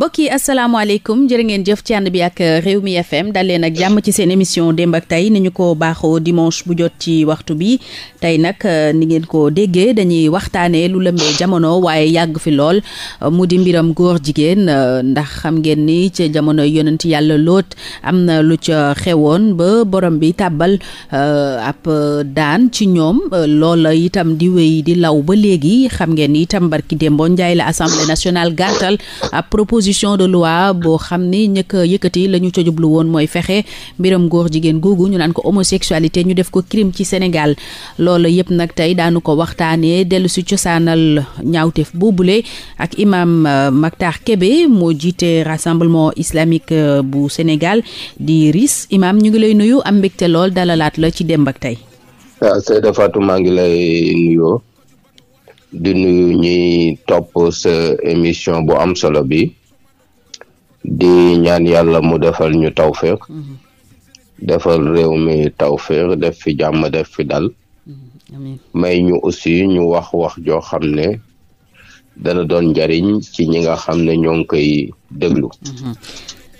mbokk yi asalaamaaleykum jërë ngeen jëf ci ànd bi ak Rewmi FM dal leen ak jàmm ci seen émission démb ak tey ni ñu ko baaxoo dimanche bu jot ci waxtu bi tey nag euh, ni ngeen ko déggee dañuy waxtaanee lu lëmbee jamono waaye yàgg fi lool euh, mu di mbiram góor jigéen euh, ndax xam ngeen ni ca jamono yonent yàlla loot am na lu ca xewoon ba borom bi tàbbal ab daan ci ñoom loola itam di wéy di law ba léegi xam ngeen ni itam mbarki démboo njaay la assemblée nationale gàttal proposition de loi boo xam ni ñëkk a yëkkati lañu ñu jublu woon mooy fexe mbiram góor jigéen googu ñu naan ko homosexualité ñu def ko crime ci Sénégal lool yëpp nag tey daanu ko waxtaanee dellu si cosaanal ñaawteef bule ak imaam euh, Mactar Kébé moo jiite rassemblement islamique euh, bu Sénégal di RIS imaam ñu ngi lay nuyu am mbégte lool dalalaat la ci démb ak tey. waaw Seyda maa ngi lay nuyoo di nuyu ñuy topp sa émission bu am solo bi di ñaan yàlla mu defal ñu tawféex mm-hmm. defal réew mi tawféex def fi jàmm def fi dal mm-hmm. may ñu aussi ñu wax wax joo xam ne dana doon njariñ ci ñi nga xam ne ñoo koy déglu mm-hmm.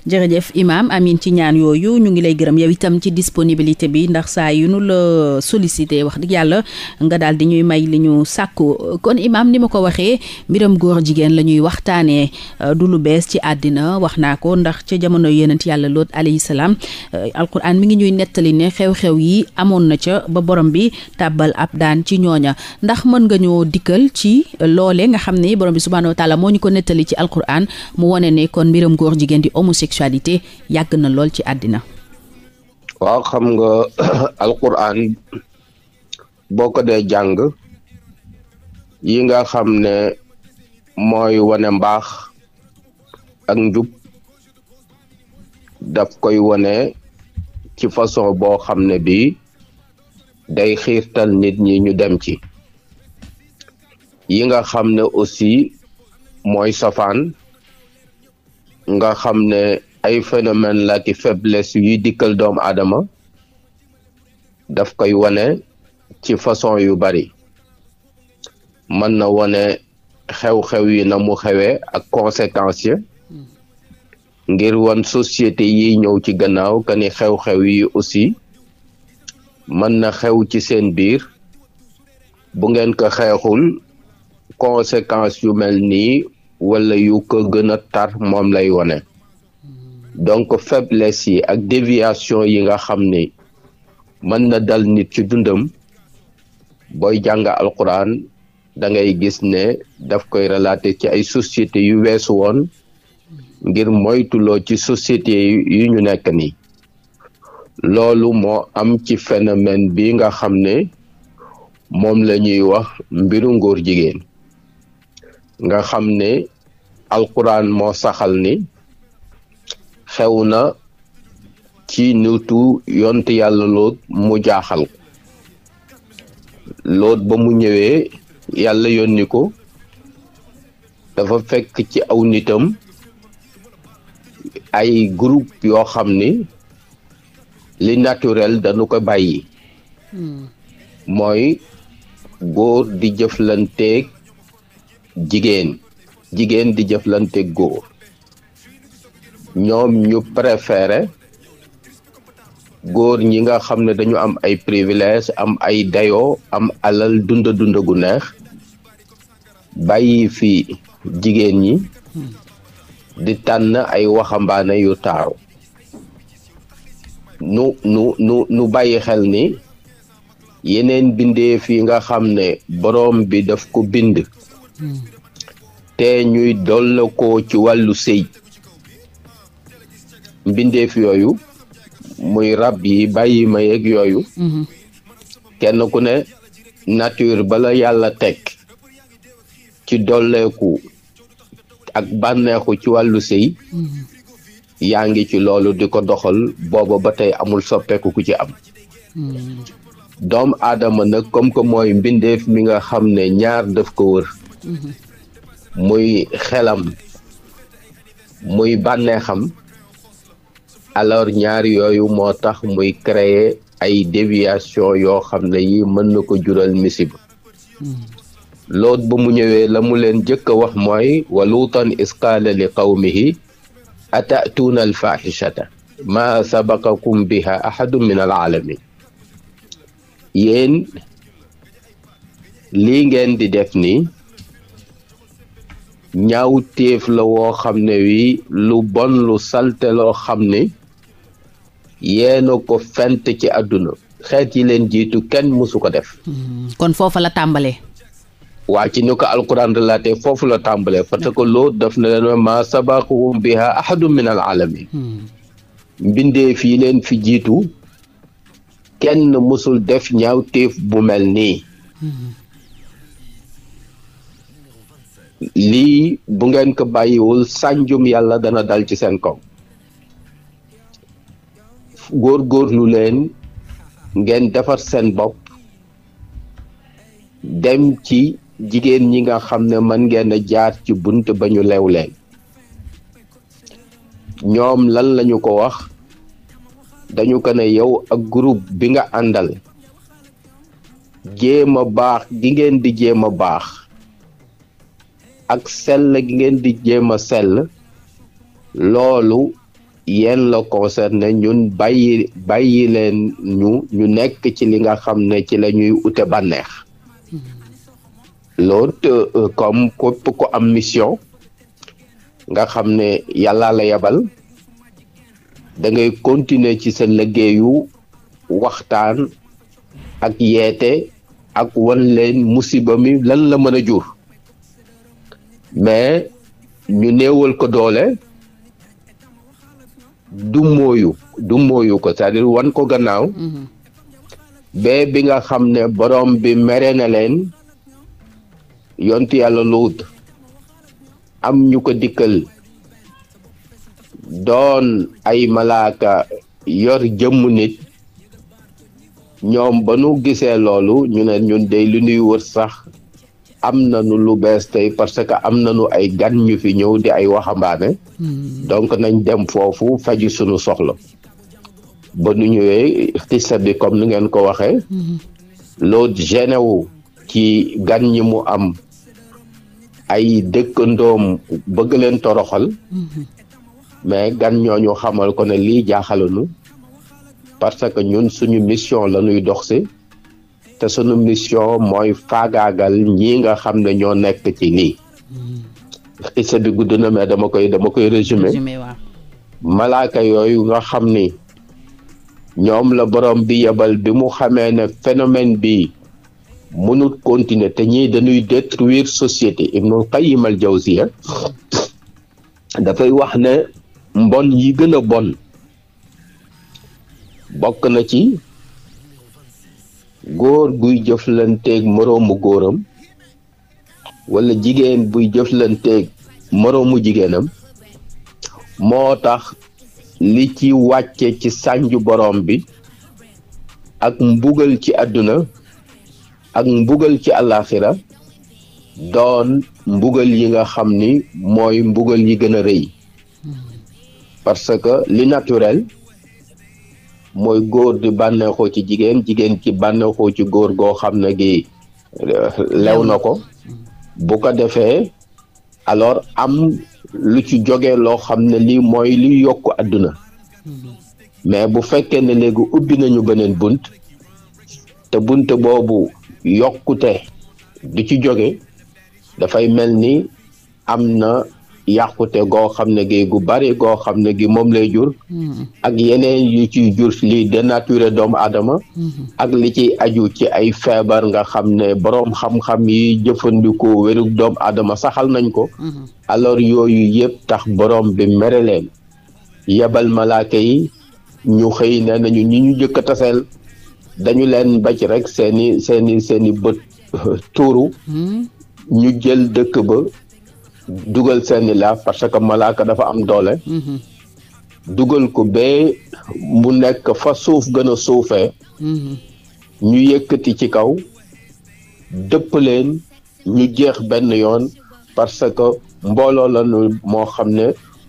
jërëjëf Imaam Amin ci ñaan yooyu ñu ngi lay gërëm yow itam ci disponibilité bi ndax saa yu nu la sollicité wax dëgg yàlla nga daal di ñuy may li ñu sàkku kon Imaam ni ma ko waxee mbiram góor jigéen la ñuy waxtaanee euh, du lu bees ci àddina wax naa ko ndax ca jamono yonent yàlla Lóot alayhi salaam euh, alquran mi ngi ñuy nettali ne xew-xew yi amoon na ca ba borom bi tàbbal ab daan ci ñooña ndax mën nga ñoo dikkal ci loolee nga xam ne borom bi subhaanahu wa moo ñu ko nettali ci alquran mu wone ne kon mbiram góor jigéen di homosexuel homosexualité yàgg na lool ci àddina waaw xam nga alquran boo ko dee jàng yi nga xam ne mooy wane mbaax ak njub daf koy wane ci façon boo xam ne bii day xiirtal nit ñi ñu dem ci yi nga xam ne aussi mooy sofaan nga xam ne ay phénomène la ki faiblesse yuy dikkal doom aadama daf koy wane ci façon yu bari mën na wane xew-xew yi na mu xewee ak conséquences yi ngir wan société yi ñëw ci gannaaw que ni xew-xew yi aussi mën na xew ci seen biir bu ngeen ko xeexul conséquences yu mel nii wala yu ko gën a tar moom lay wane donc faiblesse yi ak déviation yi nga xam ni mën na dal nit ci dundam booy jàng alquran da ngay gis ne daf koy relater ci ay société yu weesu woon ngir moytuloo ci société yu ñu nekk nii loolu moo am ci phénomène bi nga xam ne moom la ñuy wax mbiru ngóor jigéen nga xam ne alquran moo saxal ni xew na ci nitu yont yàlla loot mu jaaxal ko loot ba mu ñëwee yàlla yónni ko dafa fekk ci aw nitam ay groupe yoo xam ni li naturel dañu ko bàyyi hmm. mooy góor di jëflanteeg jigéen jigéen di jëflanteeg góor ñoom ñu préféré góor ñi nga xam ne dañu am ay privilège am ay dayo am alal dund dund gu neex bàyyi fi jigéen ñi di tànn ay waxambaane yu taaw nu nu nu bàyyi xel ni yeneen bindeef yi nga xam ne boroom bi daf ko bind hmm. te ñuy doll ko ci wàllu sëy mbindeef yooyu muy rab yi bàyyi ma yeeg yooyu mhm. kenn ku ne nature bala yàlla teg ci dolleeku ak bànneexu ci wàllu sëy mhm. yaa ngi ci loolu di ko doxal booba ba tey amul soppeeku ci am mhm. doom aadama nag kom que mooy mbindeef mi nga xam ne ñaar daf ko wër muy xelam muy bànneexam alors ñaar yooyu moo tax muy créer ay déviation yoo xam ne yi mën na ko jural misiba hmm. lot ba mu ñëwee la mu leen jëkka wax mooy wa kaw mi qaala li qawmihi atatuuna alfaaxishata maa sabaqakum biha ahadu min alaalamin yéen lii ngeen di def ni ñaaw téef la woo xam ne wi lu bon lu salte loo xam ne yeena ko fent ci àdduna xeet yi leen jiitu kenn mësu ko def hmm, kon foofa la tàmbalee waa ci ni ko alquran relaté foofu la tàmbalee parce que loolu daf na leen ma sabaqahum biha ahadun min al alamin hmm. mbindee fii leen fi jiitu kenn mësul def ñaaw téef bu mel nii hmm. lii bu ngeen ko bàyyiwul sànjum yàlla dana dal ci seen kaw góor leen ngeen defar seen bopp dem ci jigéen ñi nga xam ne mën ngeen a jaar ci bunt ba ñu lew ñoom lan lañu ko wax dañu ko ne yow ak groupe bi nga àndal jéem a baax gi ngeen di jéema baax ak sell gi ngeen di jéem a sell loolu yenn la concerné ñun bàyyi bàyyi leen ñu ñu nekk ci li nga xam ne ci lañuy ñuy ute bànneex loolu euh, comme ko am mission nga xam ne yàlla la yebal dangay ngay ci sa liggéeyu waxtaan ak yeete ak wan leen musiba mi lan la mën a jur mais ñu néewal ko doole du mooyu du mooyu ko c'est-à-dire wan ko gannaaw mhm. ba bi nga xam ne borom bi mere na leen yontu yàlla luut am ñu ko dikkal doon ay malaaka yor jëmm nit ñoom ba nu gisee loolu ñu ne ñun day lu nuy wër sax am nañu lu bees tey parce que am nañu ay gan ñu fi ñëw di ay waxambaane. Hmm. donc nañ dem foofu faji suñu soxla. ba nu ñëwee xista bi comme ni ngeen ko waxee. Hmm. loo gêné ci gan ñi mu am ay dëkkandoom bëgg leen toroxal. Hmm. mais gan ñoo ñu xamal ko ne lii jaaxalanu parce que ñun suñu mission la ñuy dox si. te sunu mission mooy faagaagal ñii nga xam ne ñoo nekk ci nii xisa bi gudd na mais dama koy dama koy résumé malaaka yooyu nga xam ni ñoom la borom bi yebal bi mu xamee ne phénomène bi mënul continuer te ñii dañuy détruire société Ibnul Qayyim al Jawziya dafay wax ne mbon yi gën a bon bokk na ci góor guy jëflanteeg moroomu góoram wala jigéen buy jëflanteeg moroomu jigéenam moo tax li ci wàcce ci sànju boroom bi ak mbugal ci àdduna ak mbugal ci àllaaxira doon mbugal yi nga xam ni mooy mbugal yi gën a rëy hmm. parce que li naturel mooy góor di bànneexoo ci jigéen jigéen ci bànneexoo ci góor goo xam ne gi euh, lew na ko mm-hmm. bu ko defee alors am lu ci jógee loo xam ne lii mooy li yokk àdduna mm-hmm. mais bu fekkee ne léegi ubbi nañu beneen bunt te bunt boobu yokkute du ci jóge dafay mel ni am na yàqute goo xam ne gi gu bari goo xam ne gi moom lay jur mm-hmm. ak yeneen yu ciy jur li dénaturé doomu aadama mm-hmm. ak li ciy aju ci ay feebar nga xam ne boroom xam-xam yi jëfandikoo wérug doom aadama saxal nañ ko mm-hmm. alors yooyu yëpp tax boroom bi mere leen yebal malaaka yi ñu xëy ne nañu ñi ñu jëkk a taseel dañu leen bac rek seeni seeni seeni bët tuuru ñu jël dëkk ba dugal seeni laaf parce que malaaka dafa am doole mhm. dugal ko bee mu nekk fa suuf gën a suufee mhm. ñu yëkkati ci kaw dëpp leen ñu jeex benn yoon parce que mbooloo lañu moo xam ne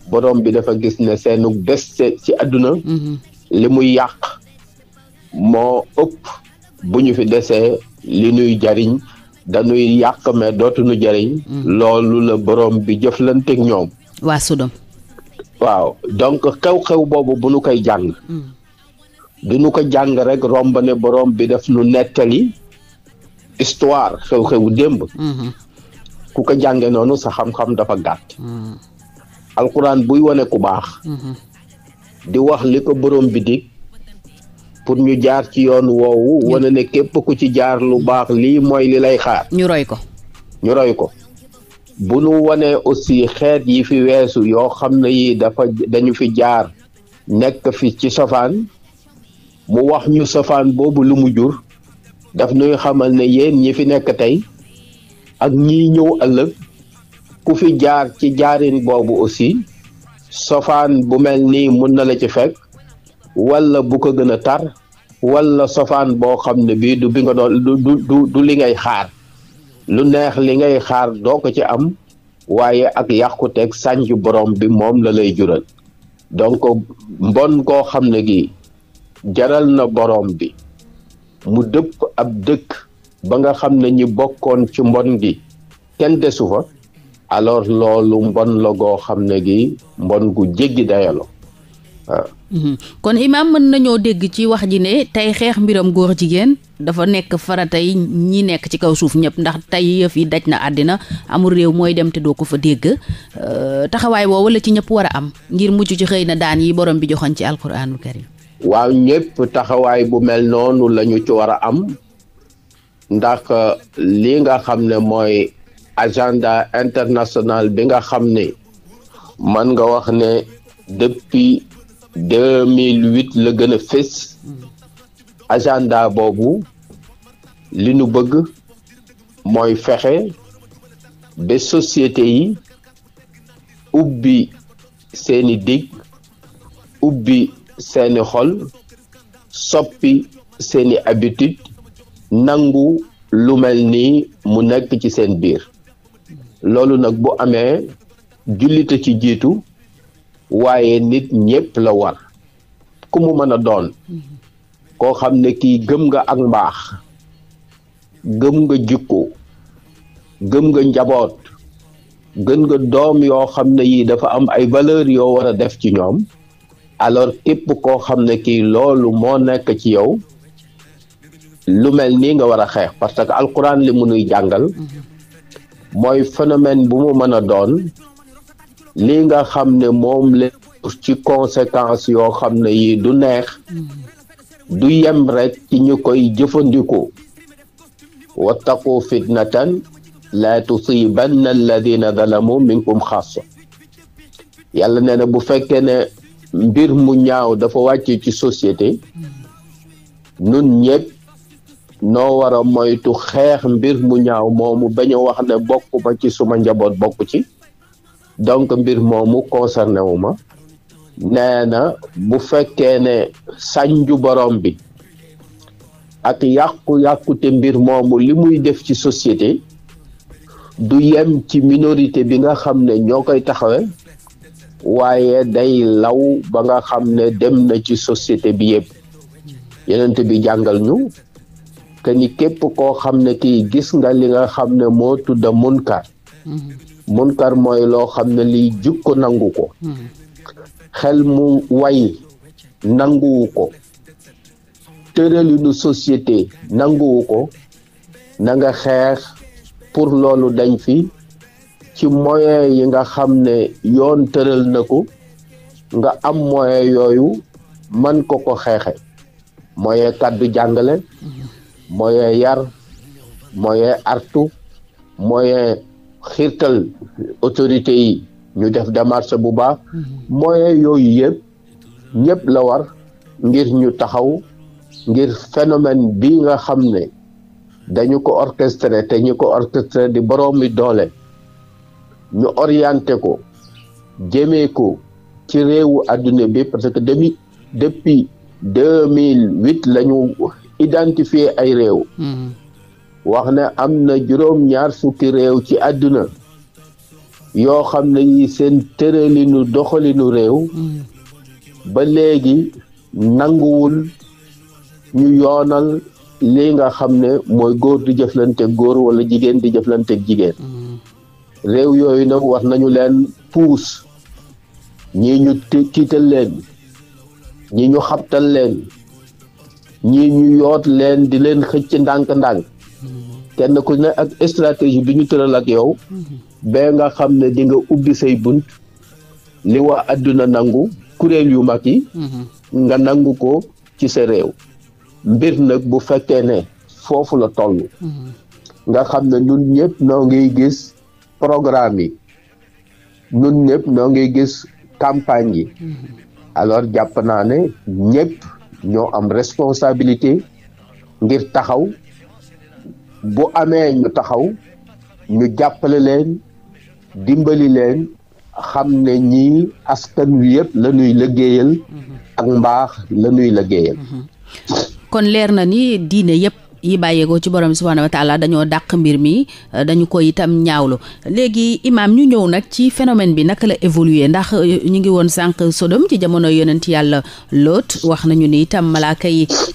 boroom bi dafa gis ne seenu des ci àdduna mhm. li muy yàq moo ëpp bu ñu fi desee li nuy jariñ dañuy yàq mais dootuñu jëriñ. Mm. loolu la borom bi jëflanteeg ñoom. waa Sodom. waaw donc xew-xew boobu bu nu koy jàng. Mm. du nu ko jàng rek romb ne borom bi def nu nettali histoire xew-xewu démb. Mm-hmm. ku ko jànge noonu sa xam-xam dafa gàtt. Mm. alxuraan buy wone ku baax. Mm-hmm. di wax li ko borom bi dig pour ñu jaar ci yoon woowu wane ne képp ku ci jaar lu baax lii mooy li lay xaar ñu roy ko ñu roy ko bu nu wanee aussi xeet yi fi weesu yoo xam ne yi dafa dañu fi jaar nekk fi ci sofaan mu wax ñu sofaan boobu lu mu jur daf nuy xamal ne yéen ñi fi nekk tey ak ñiy ñëw ëllëg ku fi jaar ci jaarin boobu aussi sofaan bu mel nii mun na la ci fekk wala bu ko gën a tar wala sofaan boo xam ne bii du bi nga doon du du li ngay xaar lu neex li ngay xaar doo ko ci am waaye ak yàquteeg sànj borom bi moom la lay jural donc mbon goo xam ne gi jaral na borom bi mu dëpp ab dëkk ba nga xam ne ñi bokkoon ci mbon gi kenn desu fa alors loolu mbon la goo xam ne gi mbon gu jéggi dayalo waaw. Mm-hmm. kon imaam mën nañoo dégg ci wax ji ne tey xeex mbiram góor jigéen dafa nekk faratay ñi nekk ci kaw suuf ñëpp ndax tey yëf yi daj na àddina amul réew mooy dem te doo ko fa dégg euh, taxawaay woo wala ci ñëpp war a am ngir mucc ci xëy na daan yi borom bi joxoon ci alquraanul karim waaw ñëpp taxawaay bu mel noonu la ñu ci war a am ndax euh, li nga xam ne mooy agenda international bi nga xam ne mën nga wax ne depuis 2008 la gën a fés agenda boobu li nu bëgg mooy fexe ba société yi ubbi seeni dig ubbi seeni xol soppi seeni habitude nangu lu mel ni mu nekk ci seen biir loolu nag bu amee jullite ci jiitu waaye nit ñëpp la war ku mu mën a doon koo xam ne kii gëm nga ak mbaax gëm nga jikko gëm nga njaboot gën nga doom yoo xam ne yii dafa am ay valeur yoo war a def ci ñoom alors képp koo xam ne kii loolu moo nekk ci yow lu mel nii nga war a xeex parce que alquran li mu nuy jàngal mhm. mooy phénomène bu mu mën a doon li nga xam ne moom la ci conséquence yoo xam ne yii du neex du yem rekk ci ñu koy jëfandikoo wattaqu fitnatan la tusibanna alladina zalamu minkum xaasa yàlla nee na bu fekkee ne mbir mu ñaaw dafa wàcce ci société nun ñëpp noo wara moytu xeex mbir mu ñaaw moomu ba a wax ne bokk ma ci suma njaboot bokk ci donc mbir moomu concerné wu ma nee na bu fekkee ne sànju borom bi ak yàqu-yàqute mbir moomu li muy def ci société du yem ci minorité bi nga xam ne ñoo koy taxawe waaye day law ba nga xam ne dem na ci société bi yëpp yenent bi jàngal ñu que ni képp koo xam ne kii gis nga li nga xam ne moo tudda munkar mm-hmm. munkar mooy loo xam ne lii jikko nangu ko hmm. xel mu way nanguwu ko tëralinu société nanguwu ko na nga xeex pour loolu dañ fi ci moyen yi nga xam ne yoon tëral na ko nga am moyen yooyu man ko ko xeexe moyen kàddu jàngale hmm. moyen yar moyen artu moyen xirtal autorité yi ñu def démarche bu baax moyen yooyu yëpp ñëpp la war ngir ñu taxaw ngir phénomène bi nga xam ne dañu ko orchestré te ñu ko orchestré di boroomi doole ñu orienté ko jëmee ko ci réewu àdduna bi parce que depuis depuis deux mille huit lañu ñu identifié ay réew. Mm-hmm. wax ne am na juróom-ñaar fukki réew ci àdduna yoo xam ne yi seen tëralinu doxalinu réew ba léegi nanguwul ñu yoonal li nga xam ne mooy góor di jëflante góor wala jigéen di jëflante jigéen réew yooyu nag wax nañu leen puus ñii ñu tiital leen ñi ñu xabtal leen ñi ñu yoot leen di leen xëcc ndànk-ndànk kenn ku ne ak stratégie bi ñu tëral ak yow ba nga xam ne di nga ubbi say bunt li waa àdduna nangu kuréel yu mag yi nga nangu ko ci sa réew mbir nag bu fekkee ne foofu la toll nga xam ne ñun ñëpp noo ngiy gis programme yi ñun ñëpp noo ngiy gis campagne yi alors jàpp naa ne ñëpp ñoo am responsabilité ngir taxaw bu amee ñu taxaw ñu jàppale leen dimbali leen xam ne ñii askan wi yëpp lañuy ñuy liggéeyal mhm. ak mbaax la ñuy liggéeyal mhm. kon leer na ni diine yëpp yi bàyyeekoo ci borom subhaanahu wa taala dañoo dàq mbir mi dañu ko itam ñaawlu léegi imaam ñu ñëw nag ci phénomène bi naka la évoluer ndax euh, ñu ngi woon sànq Sodom ci jamono yonent yàlla Lot wax nañu ni itam malaaka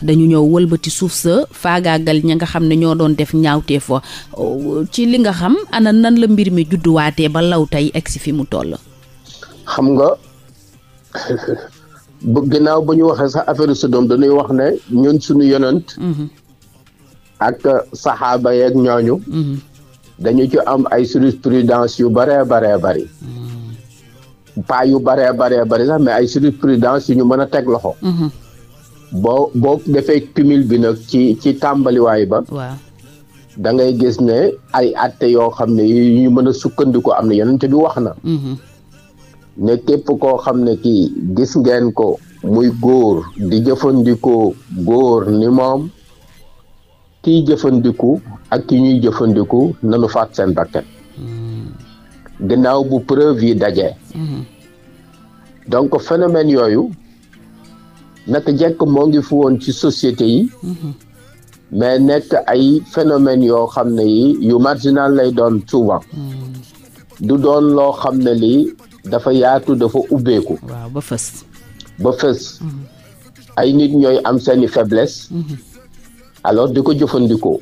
dañu ñëw wëlbati suuf sa faagaagal ña nga xam ne ñoo doon def ñaawteef wa euh, ci li nga xam ana nan la mbir mi judduwaatee ba law tey egsi fi mu toll. xam nga bu ginnaaw ba ñu waxee sax affaire Sodom dañuy wax ne ñun suñu yonent. Mhm. ak saxaaba yeeg ñooñu. Mm-hmm. dañu ci am ay jurisprudence yu bëree baree bëri. Mm-hmm. pas yu bëree bare bari sax mais ay jurisprudence yu ñu mën a teg loxo. Mm-hmm. boo boo defee cumul bi nag ci ci tàmbaliwaay ba. dangay gis ne ay atte yoo xam ne yu ñu mën a sukkandiku am na yonent bi wax na. ne képp koo xam ne ki gis ngeen ko muy góor di jëfandikoo góor ni moom. kiy jëfandiku ak ki ñuy jëfandiku nanu faat seen bakkan gannaaw bu preuve yi dajee donc phénomène yooyu naka jekk moo ngi fi woon ci société yi mais nekk ay phénomène yoo xam ne yi yu marginal lay doon souvent du doon loo xam ne lii dafa yaatu dafa ubbeeku ba fës ba fës mhm. ay nit ñooy am seeni faiblesse mhm. alors di ko jëfandikoo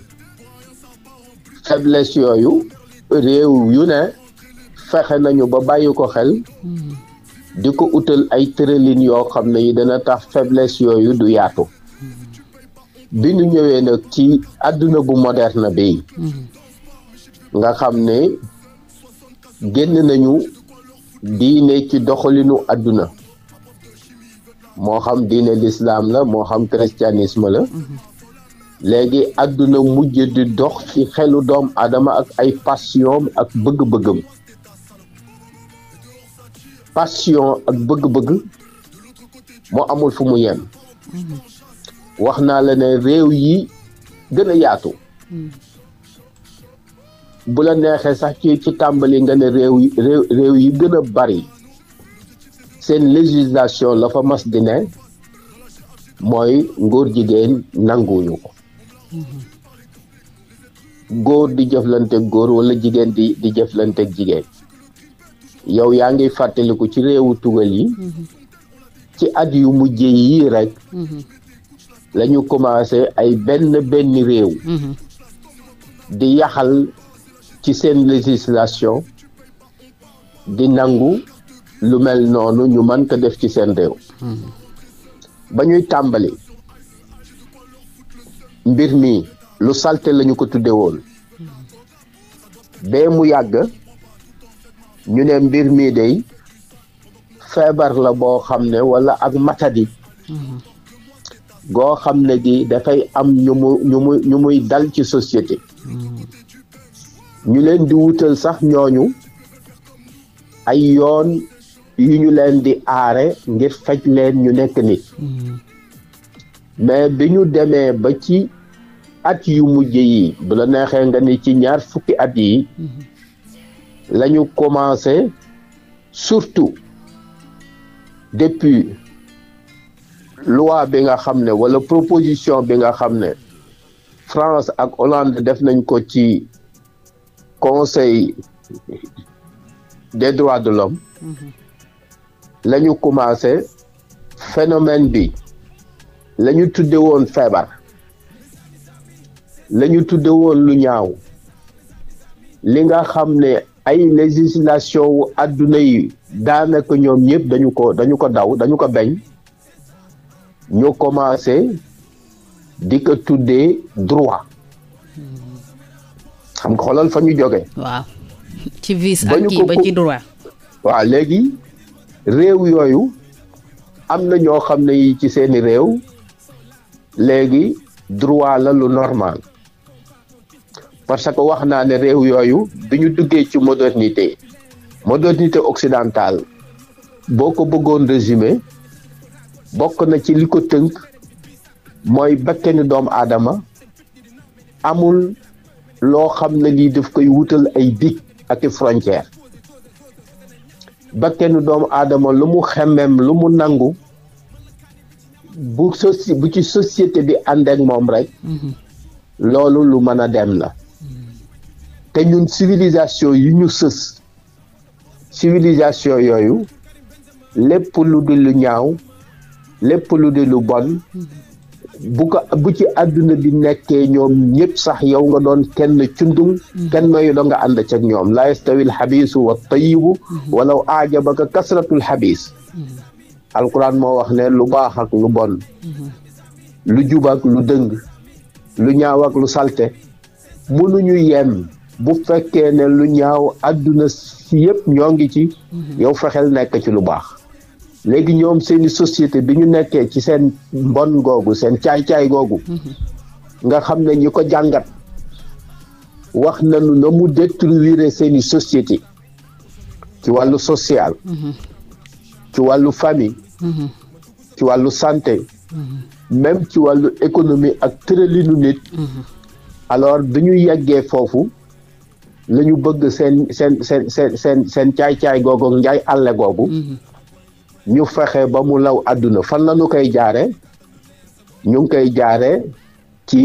faiblesse yooyu réew yu ne fexe nañu ba bàyyi ko xel mm-hmm. di ko utal ay tëralin yoo xam ne yi dana tax faiblesse yooyu du yaatu mm-hmm. bi ñu ñëwee nag ci àdduna bu moderna bi mm-hmm. nga xam ne génn nañu diine ci doxalinu àdduna moo xam diine lislaam la moo xam christianisme la léegi àdduna mujj di dox ci xelu doom aadama ak ay passion ak bëgg ak bëgg-bëgg moo amul fu mu yem wax naa la ne réew yi gën a yaatu bu la neexee sax ci tàmbali nga ne réew yi réew gën bari seen législation la fa mas di ne mooy ngóor jigéen nanguwuñu ko góor di jëflanteeg góor wala jigéen di di jëflanteeg jigéen yow yaa ngiy fàttaliku ci réewu tugal yi ci at yu mujj yi rekk lañu ñu ay benn benn réew di yaxal ci seen législation di nangu lu mel noonu ñu mën ko def ci seen réew ba ñuy tàmbali mbir mi lu salte lañu ko tuddewoon woon bee mu yàgg ñu ne mbir mii day feebar la boo xam ne wala ak matadi goo xam ne gi dafay am ñu mu ñu muy dal ci société ñu leen di wutal sax ñooñu ay yoon yu ñu leen di aare ngir faj leen ñu nekk nit mm-hmm. mais bi ñu demee ba ci at yu mujj yi bu la neexee nga ni ci ñaar fukki at yi lañu ñu commencé surtout depuis loi bi nga xam ne wala proposition bi nga xam ne France ak Hollande def nañ ko ci conseil des droits de l'homme la ñu commencé phénomène bi lañu ñu woon feebar la ñu woon lu ñaaw li nga xam ne ay législation wu àdduna yi daanaka ñoom ñëpp dañu ko dañu ko daw dañu ko bañ ñu commencé di ko tuddee droit xam nga xoolal fa ñu joge ci vice ak kii ba ci droit. waaw léegi réew yooyu am na ñoo xam ne yi ci seeni réew léegi droit la lu normal parce que wax naa ne réew yooyu bi ñu duggee ci modernité modernité occidentale boo ko bëggoon résumé bokk na ci li ko tënk mooy bakkenu doomu aadama amul loo xam ne lii daf koy wutal ay dig ak i frontière bakkenu doomu aadama lu mu xemmem lu mu nangu bu soci bu ci société bi ànd ak moom rek. Mhm. loolu lu mën a dem la. te ñun civilisation yi ñu sës civilisation yooyu lépp lu di lu ñaaw lépp lu di lu bon bu ci àdduna bi nekkee ñoom ñëpp sax yow nga doon kenn cundum mm-hmm. kenn mayu da nga ànd ca ñoom la yastawi alxabisu wa tayibu mm-hmm. walaw aajabaka kasratul xabis mm-hmm. alquran moo wax ne lu baax ak lu bon lu jub lu dëng lu ñaawak lu salte mënuñu yem bu fekkee ne lu ñaaw àdduna si yëpp ñoo ngi ci mhm. yow fexeel nekk ci lu baax léegi ñoom seeni société bi ñu nekkee ci seen mbon googu seen caay-caay googu mhm. nga xam ne ñi ko jàngat wax nañu na mu détruire seeni société ci wàllu social mhm. ci wàllu famille ci wàllu santé même ci wàllu économie ak tëralinu nit alors bi ñu yeggee foofu la ñu bëgg seen seen seen seen seen seen caay-caay googu njaay àlle googu mm-hmm. ñu fexe ba mu law àdduna fan lañu ñu koy jaare ñu ngi koy jaare ci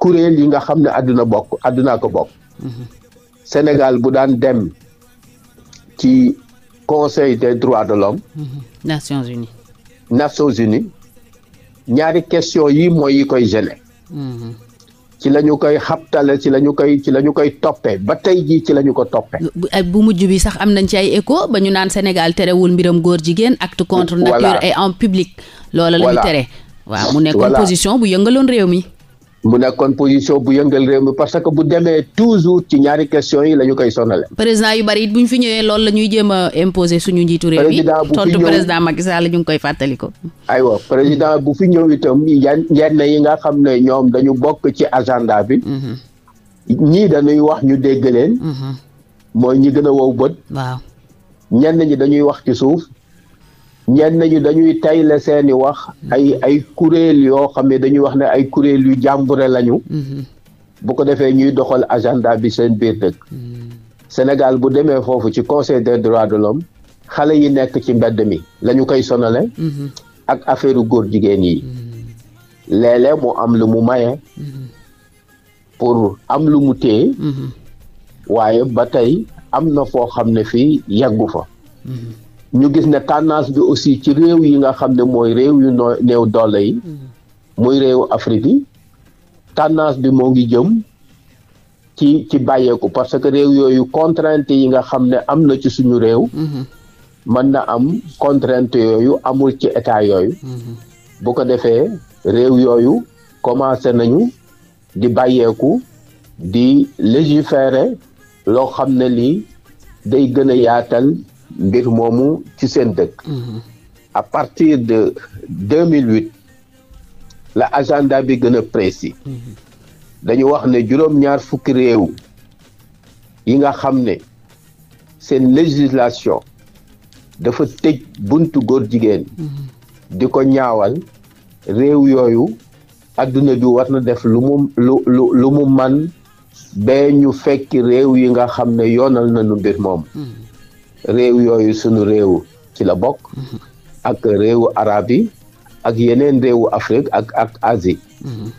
kuréel yi nga xam ne àdduna bokk àdduna ko bokk mm-hmm. Sénégal bu daan dem ci conseil des droits de l'homme mm-hmm. Nations Unies ñaari question yi mooy yi koy gêner ci la ñu koy xabtale ci la ñu koy ci la ñu koy toppee ba tey jii ci la ñu ko toppee. bu mujj bi sax am nañ ci ay éco ba ñu naan Sénégal terewul mbiram góor jigéen. acte contre nature et en public. loola la tere. waaw mu nekkoon position bu yëngaloon réew mi. mu nekkoon position bu yëngal réew mi parce que bu demee toujours ci ñaari question yi la ñu koy sonale. président yu bari it bu ñu fi ñëwee loolu la ñuy jéem a imposer suñu njiitu réew mi tontu président Macky Sall ñu ngi koy fàttaliko. aywa président bu fi ñëw itam yan yi nga xam ne ñoom dañu bokk ci agenda bi. Mhm. ñii dañuy wax ñu dégg leen. Mhm. mooy ñi gën a wow bët. waaw ñenn ñi dañuy wax ci suuf. ñenn nañu dañuy tayle seeni wax ay ay kuréel yoo xam ne dañuy wax ne ay kuréel yu jàmbure lañu. Mhm. bu ko defee ñuy doxal agenda bi seen biir dëkk. Mhm. Sénégal bu demee foofu ci conseil des droits de l'homme xale yi nekk ci mbedd mi lañu koy sonale. Mhm. ak affaire góor jigéen yi. léeg mu am lu mu maye. pour am lu mu téye. waaye ba tey am na foo xam ne fii yàggu fa. ñu gis ne tendance bi aussi ci réew yi nga xam ne mooy réew yu néew doole yi muy réewu Afrique yi tendance bi moo ngi jëm ci ci bàyyeeku parce que réew yooyu contrainte yi nga xam ne am na ci suñu réew mën na am contrainte yooyu amul ci état yooyu bu ko defee réew yooyu commencé nañu di bàyyeeku di légiférer loo xam ne lii day gën a yaatal mbir moomu ci seen dëkk. Mhm. à partir de 2008 la agenda bi gën a précis. Mhm. dañu wax ne juróom-ñaar fukki réew yi nga xam ne seen législation dafa tëj buntu góor jigéen. Mhm. di ko ñaawal réew yooyu àdduna bi war na def lu mu lu lu lu mu man ba ñu fekki réew yi nga xam ne yoonal nañu mbir moom. réew yooyu sunu réew ci la bokk ak réewu arab yi ak yeneen réewu Afrique ak ak Asie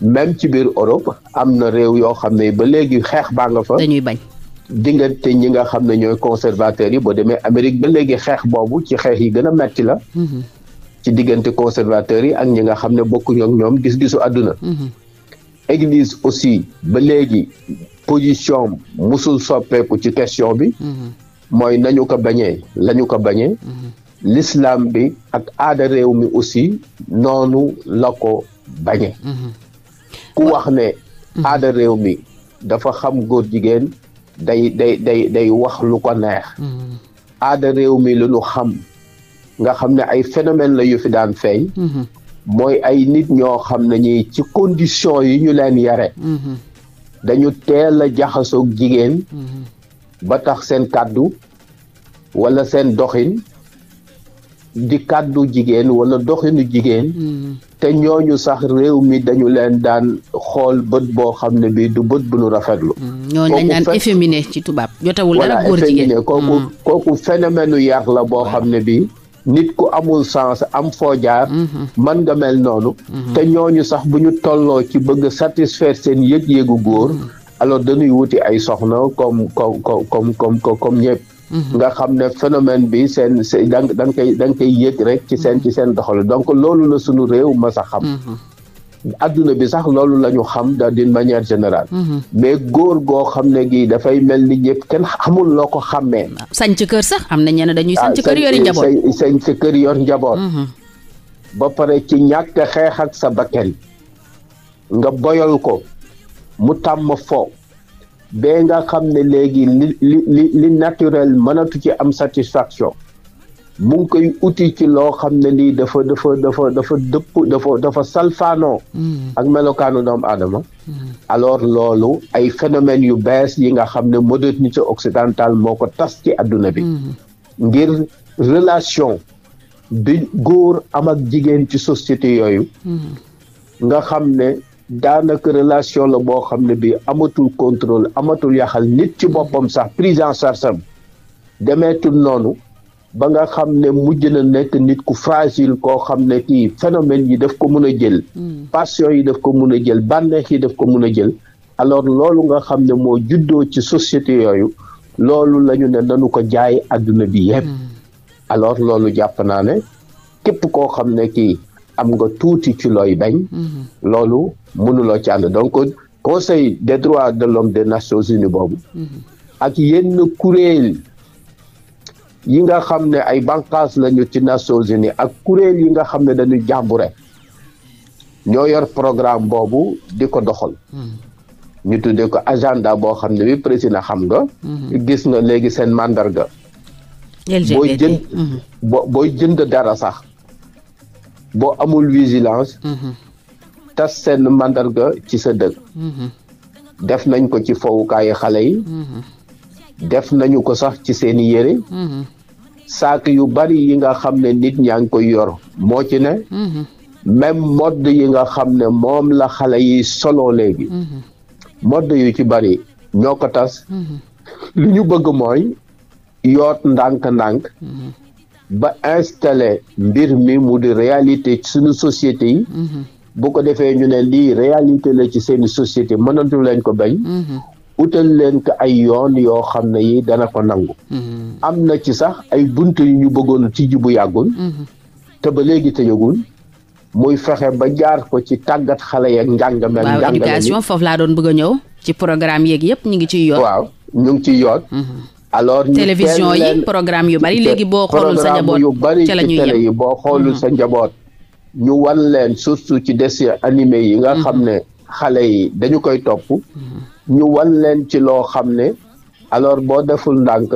même ci biir Europe am na réew yoo xam ne ba léegi xeex baa nga fa dañuy bañ diggante ñi nga xam ne ñooy conservateurs yi boo demee Amérique ba léegi xeex boobu ci xeex yi gën a metti la mm-hmm. ci diggante conservateurs yi ak ñi nga xam ne bokkuñu ak ñoom gis-gisu àdduna mm-hmm. église aussi ba léegi position musul soppeeku ci question bi mm-hmm. mooy nañu ko bañee lañu ko bañee mhm. l'islam bi ak aada réew mi aussi noonu la ko bañee mhm. ku wax ne mhm. aada réew mi dafa xam góor jigéen day day day day wax lu ko neex aada réew mi lu ñu xam nga xam ne ay phénomène la yu fi daan feeñ mooy ay nit ñoo xam ne ñi ci condition yi ñu leen yare dañu teel a jaxasoo jigéen ba tax seen kàddu wala seen doxin di kàddu jigéen walla doxinu jigéen mm-hmm. te ñooñu sax réew mi dañu leen daan xool bët boo xam ne bii du bët bu nu rafetlu mm-hmm. ñooñu lañ daan efféminé ci mm-hmm. kooku kooku phénomène yar la boo xam ne bii nit ku amul sens am foo jaar mën nga mel noonu te ñooñu sax bu ñu tolloo ci bëgg satisfaire seen yëg-yëgu góor alors dañuy wuti ay soxna comme comme comme comme comme ñëpp. Mhm. nga xam ne phénomène bi seen seen da koy da koy yëg rek ci seen ci seen doxal donc loolu la sunu réew ma sa xam. Mhm. adduna bi sax loolu lañu xam da d'une manière générale. Mhm. mais góor goo xam ne gii dafay mel ni ñëpp kenn xamul loo ko xàmmee. sañc kër sax am na ñenn dañuy sañc ah, kër yor njaboot sañc kër yor njaboot. ba pare ci ñàkk xeexak sa sa bakkan nga boyal ko. mu tàmm foo bee nga xam ne léegi li li li naturel mënatu ci am satisfaction mu ngi koy uti ci loo xam ne lii dafa dafa dafa dafa dëpp dafa dafa salfaanoo mm. ak melokaanu doomu aadama mm. alors loolu ay phénomènes yu bees yi nga xam ne modernité occidentale moo ko tas ci adduna bi mm. ngir relation bi góor am ak jigéen ci société yooyu nga xam ne daanaka relation la boo xam ne bi amatul contrôle amatul yaxal nit ci boppam sax prise en charge am demeetul noonu ba nga xam ne mujj na nekk nit ku fragile koo xam ne kii phénomène yi def ko mun a jël hmm. passion yi def ko mun a jël bànneex yi def ko mun a jël alors loolu nga xam ne moo juddoo ci société yooyu loolu la ñu ne nanu ko jaay àdduna bi yëpp hmm. alors loolu jàpp naa ne képp koo xam ne kii am nga tuuti ci looy bañ. Mhm. loolu mënuloo ci ànd donc conseil de droits de l'homme des nations unies boobu. Mhm. ak yenn kuréel yi nga xam ne ay bànqaas lañu ci nations unies ak kuréel yi nga xam ne dañu jàmbure ñoo yor programme boobu di ko doxal. Mhm. ñu tuddee ko agenda boo xam ne bi président xam nga. gis nga léegi seen mandarga. booy jënd booy jënd dara sax. boo amul vigilance. Mhm. tas seen mandarga ci sa dëkk. Mhm. def nañ ko ci fowukaayu xale yi. Mhm. def nañu ko sax ci seen yére. saak yu bari yi nga xam ne nit ñaa ngi koy yor moo ci ne. même modd yi nga xam ne moom la xale yi solo léegi. modd yu ci bari ñoo ko tas. li ñu bëgg mooy yoot ndànk-ndànk. ba installé mbir mi mu di réalité ci suñu société yi mhm. bu ko defee ñu ne lii réalité la ci seeni société mënatu leen ko bañ mhm. utal leen ko ay yoon yoo xam ne yi dana ko nangu mhm. am na ci sax ay bunt yu ñu bëggoon tijji bu yàggul te ba léegi tëjagul muy fexe ba jaar ko ci tàggat xale ya njàngame waaw éducation foofu laa doon bëgg a ñëw ci programme yeeg yëpp ñu ngi ciy yoon waaw ñu ngi ciy yoon alors télévision yi programme yu bari léegi boo xoolul sa njaboot yu bari ci télé boo xoolul sa njaboot ñu wan leen surtout ci dessin animé yi nga xam mm-hmm. ne xale yi dañu koy topp mm-hmm. ñu wan leen ci loo xam ne alors boo deful ndànk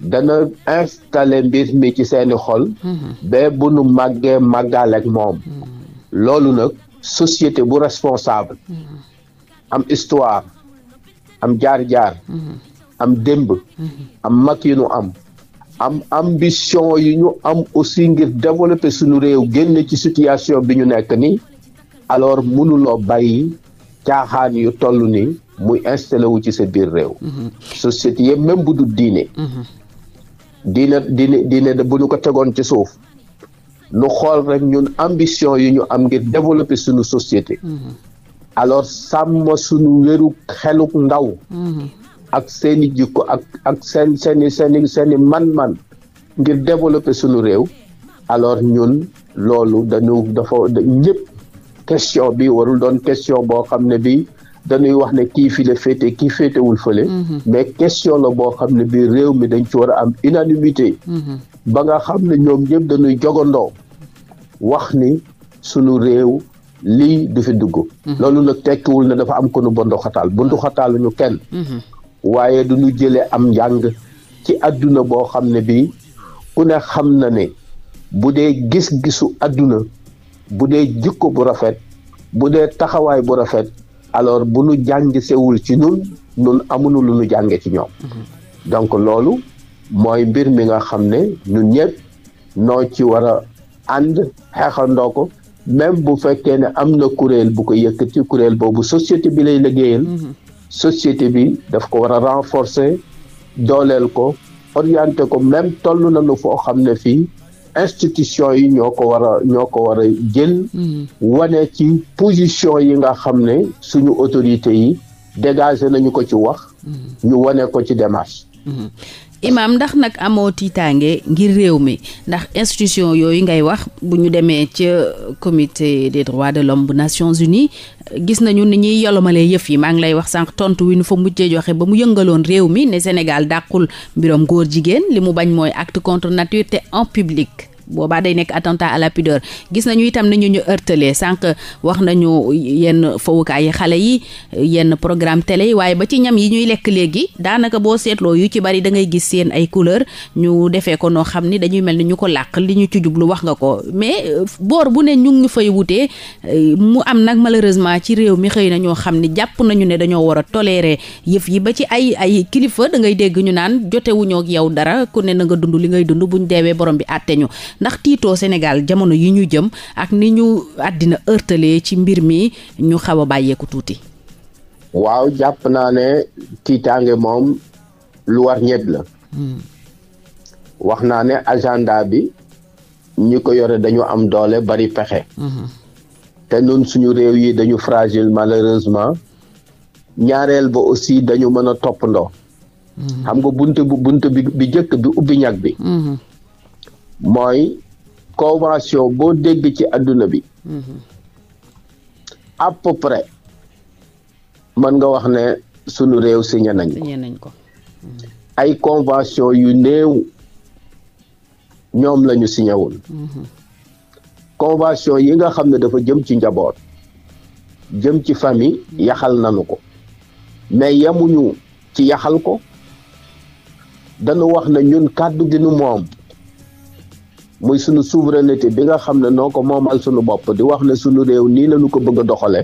dana installé mbir mi ci seeni xol mm-hmm. ba bu nu màggee màggaal moom loolu nag société bu responsable am histoire am jaar-jaar am démb am mag yu ñu am am ambition yu ñu am aussi ngir développer suñu réew génn ci situation bi ñu nekk ni alors mënuloo bàyyi caaxaan yu toll ni muy installé wu ci sa biir réew mhm. société yëpp même bu dul mhm. diine diine diine bu ñu ko tegoon ci suuf nu xool rek ñun ambition yu ñu am ngir développé suñu société mhm. alors sàmm suñu wéru xeluk ndaw ak seen i jikko ak ak seen seen i seen man-man ngir développer suñu réew alors ñun loolu dañu dafa ñëpp question bi warul doon question boo xam ne bi dañuy wax ne kii fi la féete kii féetewul fële mm-hmm. mais la boo xam ne bi réew mi dañ ci war a am unanimité mm-hmm. ba nga xam ne ñoom ñëpp dañuy jogandoo wax ni sunu réew lii du fi dugg mm-hmm. loolu nag tekkiwul ne dafa am ko nu bunduxataal bunduxataaluñu kenn waaye du ñu jëlee am njàng ci àdduna boo xam ne bii ku ne xam na ne bu dee gis-gisu àdduna bu dee jikko bu rafet bu dee taxawaay bu rafet alors bu nu jàng ci nun nun amuñu lu nu jàngee ci ñoom mm-hmm. donc loolu mooy mbir mi nga xam ne ñun ñëpp noo ci war a ànd xeexandoo ko même bu fekkee ne am na kuréel bu ko ci kuréel boobu société bi lay liggéeyal mm-hmm. société bi daf ko war a renforcer dooleel ko orienté ko même toll nañu foo xam ne fii institution yi ñoo ko war ñoo ko war a jël mm-hmm. wane ci position yi nga xam ne suñu autorité yi dégagé nañu ko ci wax mm-hmm. ñu wane ko ci démarche mm-hmm. imaam ndax nag amoo tiitaange ngir réew mi ndax institution yooyu ngay wax bu ñu demee ca comité des droits de l'homme bu Nations Unies gis nañu ni ñuy yolomalee yëf yi maa ngi lay wax sànq tontu wi nu fa mujjee joxe ba mu yëngaloon réew mi ne Sénégal dàqul birom góor jigéen li mu bañ mooy acte contre nature te en public boobaa day nekk attentat à la pudeur gis nañu itam ni ñu ñu heurtelee sànq wax nañu yenn fowukaay yi xale yi yenn programme télé yi waaye ba ci ñam yi ñuy lekk léegi daanaka boo seetloo yu ci bari da ngay gis seen ay couleur ñu defee ko noo xam ni dañuy mel ni ñu ko làq li ñu ci jublu wax nga ko mais euh, boor bu ne ñu ñu fay wutee euh, mu am nag malheureusement ci réew mi xëy na ñoo xam ni jàpp nañu ne dañoo war a tolérer yëf yi ba ci ay ay kilifa da ngay dégg ñu naan jotewuñoo yow dara ku ne na nga dund li ngay dund buñ deewee borom bi àtte ñu ndax tiitoo Sénégal jamono yi ñu jëm ak ni ñu àddina ërtalee ci mbir mi ñu xaw a bàyyeeku tuuti. waaw jàpp naa ne tiitaange moom lu war ñëpp la. Hmm. wax naa ne agenda bi ñi ko yore dañu am doole bari pexe. Mm te ñun suñu réew yi dañu fragile malheureusement ñaareel ba aussi dañu mën a toppandoo. Hmm. xam nga bunt bu bi bi njëkk bi ubbi ñag bi. Hmm. mooy convention boo dégg ci àdduna bi mm-hmm. à peu près mën nga wax ne sunu réew signé nañ ko nañ ko mm-hmm. ay convention yu néew ñoom lañu ñu wul mm-hmm. convention yi nga xam ne dafa jëm ci njaboot jëm ci famille yaxal nañu ko mais yemuñu ci yaxal ko dañu wax na ñun kàddu gi moom muy sunu souveraineté bi nga xam ne noo ko moomal sunu bopp di wax ne sunu réew nii lañu ko bëgg a doxale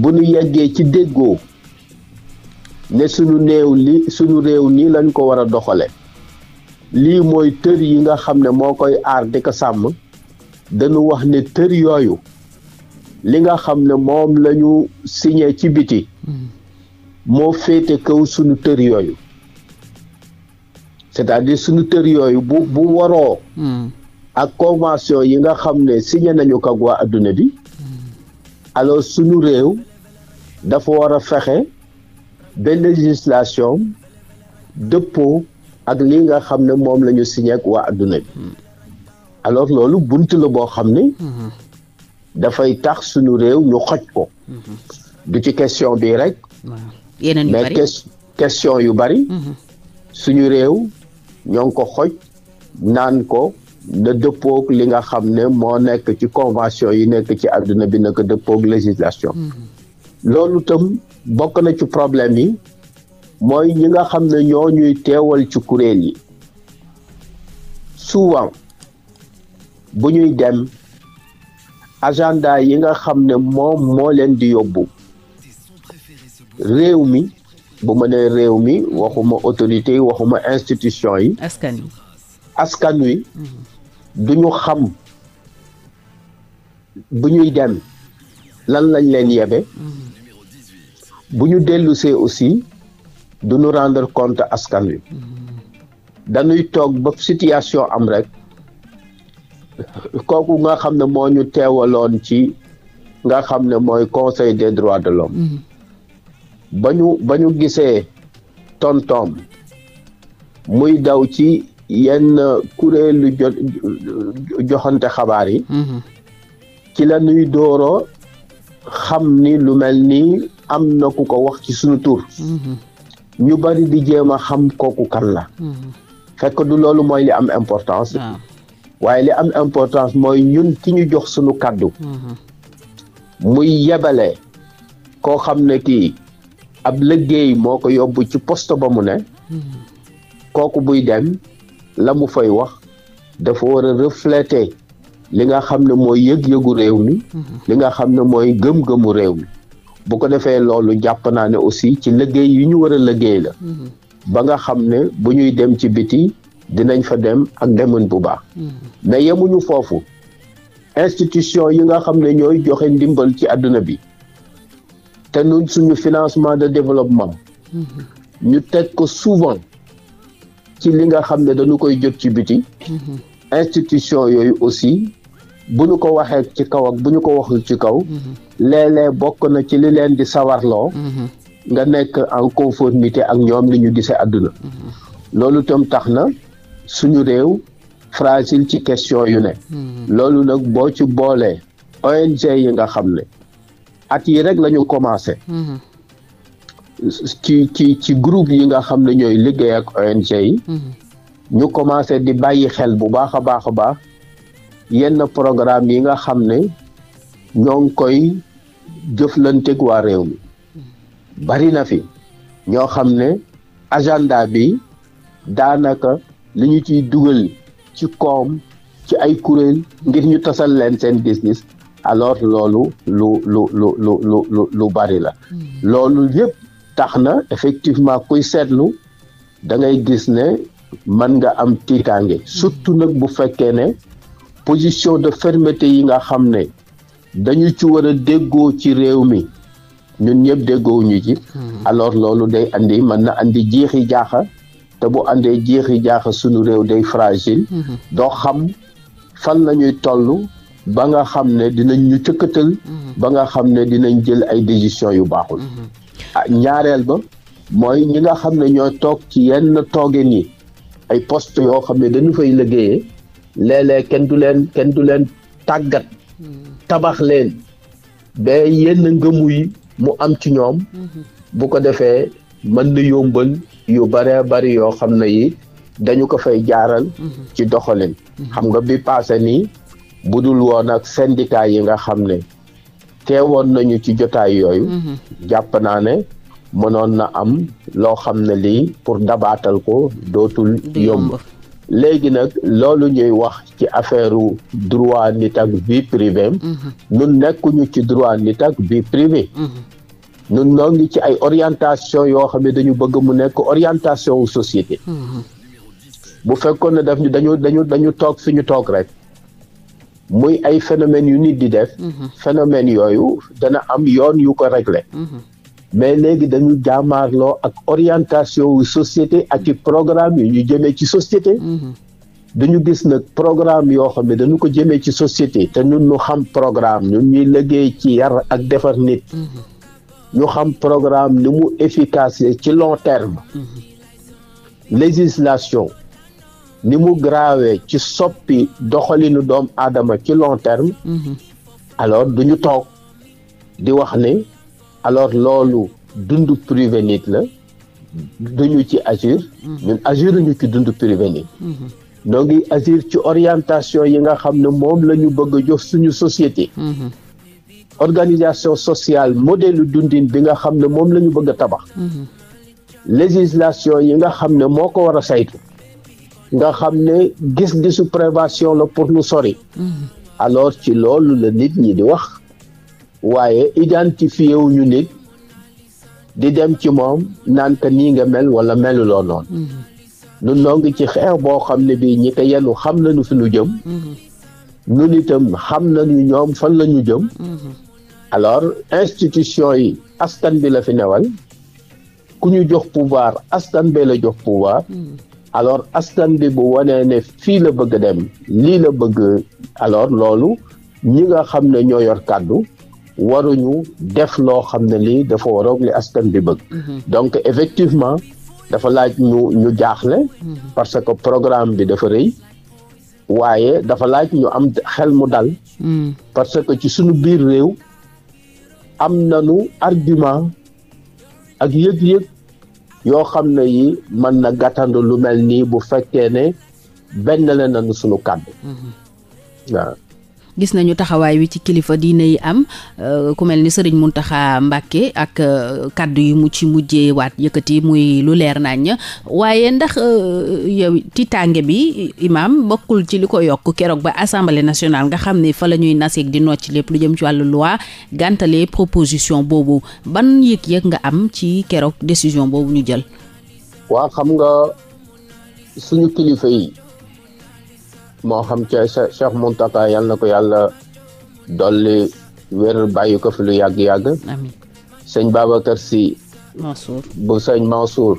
bu nu yeggee ci déggoo ne sunu néew li sunu réew nii lañ ko war a doxale lii mooy tër yi nga xam ne moo koy aar di ko sàmm dañu wax ne tër yooyu li nga xam ne moom lañu ñu ci biti mm-hmm. moo féete kaw sunu tër yooyu c'est-à-dire suñu tër yooyu bu bu waroo. Hmm. ak convention yi nga xam ne signé nañu ko waa adduna bi. Hmm. alors suñu réew dafa war a fexe benn législation dëppoo ak li nga xam ne moom lañu ñu waa adduna bi. Hmm. alors loolu bunt la boo xam ne. dafay tax suñu réew ñu xoj ko. du ci question bi rek. yeneen yu bari mais question yu bari. suñu réew. ñoo ko xoj naan ko da dëppook li nga xam ne moo nekk ci convention yi nekk ci àdduna bi naka dëppoog législation mm-hmm. loolu tam bokk na ci problème yi mooy ñi nga xam ne ñoo ñuy teewal ci kuréel yi souvent bu ñuy dem agenda yi nga xam ne moom moo leen di yóbbu réew mi bu ma nee réew mi waxuma autorité yi waxuma institution yi. askan wi askan wi. Mhm. du ñu xam bu ñuy dem lan lañ leen yebe. Mhm. bu ñu dellusee aussi du nu rendre compte askan wi. Mhm. dañuy toog ba situation am rek kooku nga xam ne moo ñu teewaloon ci nga xam ne mooy conseil des droits de l'homme ba ñu ba ñu gisee tontoom muy daw ci yenn kuréelu jo joxante xabaar yi mm-hmm. ci la nuy dooroo xam ni lu mel ni am na ku ko wax ci suñu tur mm-hmm. ñu bari di jéem a xam kooku kan la mm-hmm. fekk du loolu mooy li am importance ah. waaye li am importance mooy ñun ki ñu jox suñu kàddu muy yebale koo xam ne kii ab liggéey moo ko yóbbu ci poste ba mu ne kooku buy dem la mu fay wax dafa war a refléter li nga xam ne mooy yëg-yëgu réew mi li nga xam ne mooy gëm-gëmu réew mi bu ko defee loolu jàpp naa ne aussi ci liggéey yu ñu war a liggéey la ba nga xam ne bu ñuy dem ci biti dinañ fa dem ak demin bu baax mais yemuñu foofu institution yi nga xam ne ñooy joxe ndimbal ci àdduna bi te nu suñu financement de développement mm-hmm. ñu teg ko souvent ci li nga xam ne dañu koy jot ci biti mm-hmm. institution yooyu aussi bu ñu ko waxee ci kaw ak bu ñu ko waxul ci kaw mm-hmm. léeg-léeg bokk na ci li leen di sawarloo nga nekk en conformité ak ñoom li ñu gisee àdduna loolu tam tax na suñu réew fragile ci question yu ne loolu nag boo ci boolee ONG yi nga xam ne at yi rek lañu ñu commencé. Mm-hmm. ci ci ci groupe yi nga xam ne ñooy liggéey ak ONG yi. Mm-hmm. ñu commencé di bàyyi xel bu baax a baax a baax yenn programme yi nga xam ne ñoo ngi koy jëflanteeg waa réew mi. Mm-hmm. bari na fi ñoo xam ne agenda bi daanaka li ñu ciy dugal ci koom ci ay kuréel ngir ñu tasal leen seen business alors loolu lu lu lu lu lu lu bari la hmm. loolu yëpp tax na effectivement kuy seetlu da ngay gis ne mën nga am tiitaange hmm. surtout nag bu fekkee ne position de fermeté yi nga xam ne dañu ci war a déggoo ci réew mi ñun ñëpp déggoowuñu ci hmm. alors loolu day andi mën na andi jeexi jaaxa te bu andee jeexi jaaxa suñu réew day fragile doo xam fan la ñuy toll ba nga xam ne dinañ ñu cëkkatal mm-hmm. ba nga xam ne dinañ jël ay décision yu baaxul mm-hmm. ah ñaareel ba mooy ñi nga xam ne ñoo toog ci yenn tooge nii ay post yoo xam ne dañu fay liggéeyee léeg-léeg kenn du leen kenn du leen tàggat mm-hmm. tabax leen ba yenn ngëmu yi mu am ci ñoom bu ko defee mën na yombal yu bare bari yoo xam ne yi dañu ko fay jaaral ci doxalin xam nga bi passé nii bu dul woon ak syndicat yi nga xam ne teewoon nañu ci jotaay yooyu. Mhm. jàpp naa ne mënoon na am loo xam ne lii pour dabaatal ko dootul yomb. léegi nag loolu ñuy wax ci affaire droit nit ak vie privée mhm. ñun nekkuñu ci droit nit ak vie privée mhm. ñun noo ngi ci ay orientation yoo xam ne dañu bëgg mu nekk orientation wu société bu fekkoon ne daf ñu dañu dañu dañu toog fi ñu toog rek muy ay phénomènes yu nit di def. Mhm. phénomène yooyu dana am yoon yu ko régler. Mhm. mais léegi dañu jaamaarloo ak orientation wu société ak i programme yu ñu jëmee ci société. Mhm. dañu gis nag programme yoo xam ne dañu ko jëmee ci société te ñun ñu xam programme ñun ñuy liggéey ci yar ak defar nit. ñu xam programme ni mu efficace ci long terme. législation ni mu graawee ci soppi doxalinu doom aadama ci long terme mhm. alors du ñu toog di wax ni alors loolu dund privé nit la duñu ci agir mhm. ñun agir ñu ci dund privé nit noo mhm. ngi agir ci orientation yi nga xam ne moom la ñu bëgg a jox suñu société organisation sociale modèle dundin bi nga xam ne moom la ñu bëgg a tabax législation yi nga xam ne moo ko war a saytu nga xam ne gis-gisu prévention la pour lu sori mm-hmm. alors ci loolu la nit ñi di wax waaye identifié wu ñu nit di dem ci moom naan ka nii nga mel walla meluloo noonu mm-hmm. nun noo ci xeex boo xam ne bii ñi ko yenu xam nañu fi nu jëm mm-hmm. nun itam xam nañu ñoom fan la ñu jëm alors institution yi askan bi la fi newal ku ñu jox pouvoir askan bee la jox pouvoir alors askan bi bu wanee ne fii la bëgg dem lii la bëgg alors loolu ñi nga xam ne ñoo yor kàddu waruñu def loo xam ne lii dafa waroog li askan bi bëgg mhm. donc effectivement dafa laaj ñu ñu jaaxle mhm. parce que programme bi dafa rëy waaye dafa laaj ñu am xel mu dal mhm. parce que ci suñu biir réew am nañu argument ak yëg-yëg yoo xam ne yi mën na gàttandu lu mel nii bu fekkee ne benn leen nañu suñu kàddu mhm. waaw gis nañu taxawaay wi ci kilifa diine yi am euh, ku mel ni sëriñ mun Muntaxa Mbàkke ak euh, kàddu yu mu ci mujjee waat yëkkati muy lu leer nañ waaye ndax euh, yow tiitaange bi imaam bokkul ci li ko yokk keroog ba assemblée nationale nga xam ne fa la ñuy naseeg di nocc lépp lu jëm ci wàllu loi gàntale proposition boobu ban yëg-yëg nga am ci keroog décision boobu ñu jël. waa xam nga suñu kilifa yi. moo xam ca Cheikh yal na ko yàlla dolli wér bàyyi ko fi lu yàgg-yàgg amiin sëñ Babacar Sy bu sëñ Mansour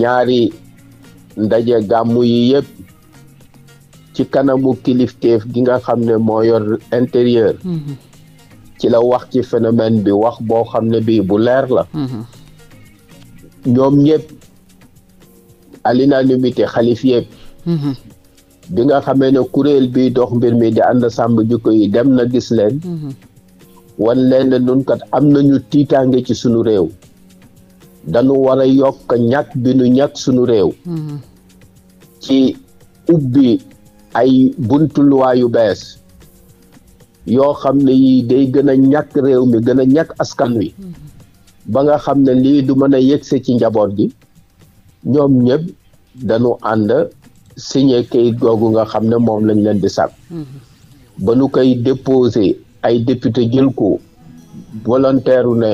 ñaari ndaje gàmmu yi yëpp ci kanamu kilifteef gi nga xam ne moo yor intérieur mm-hmm. ci la wax ci phénomène bi wax boo xam ne bii bu leer la mm-hmm. ñoom ñëpp à l'unanimité xalif yëpp mm-hmm. bi nga xamee ne kuréel bi dox mbir mi di ànd sàmb jikko yi dem na gis leen mhm. wan leen ne nun kat am nañu tiitaange ci sunu réew dañu war yokk ñàkk bi nu ñàkk sunu réew mhm. ci ubbi ay buntu luwaa bees yoo xam ne yii day gën a réew mi gën a askan wi mhm. ba nga xam ne lii du mën a yëgse ci njaboot gi ñoom ñëpp dañu ànd signé kayit googu nga xam ne moom lañ leen di sàkk mm-hmm. ba nu koy déposé ay député jël ko volontaire ne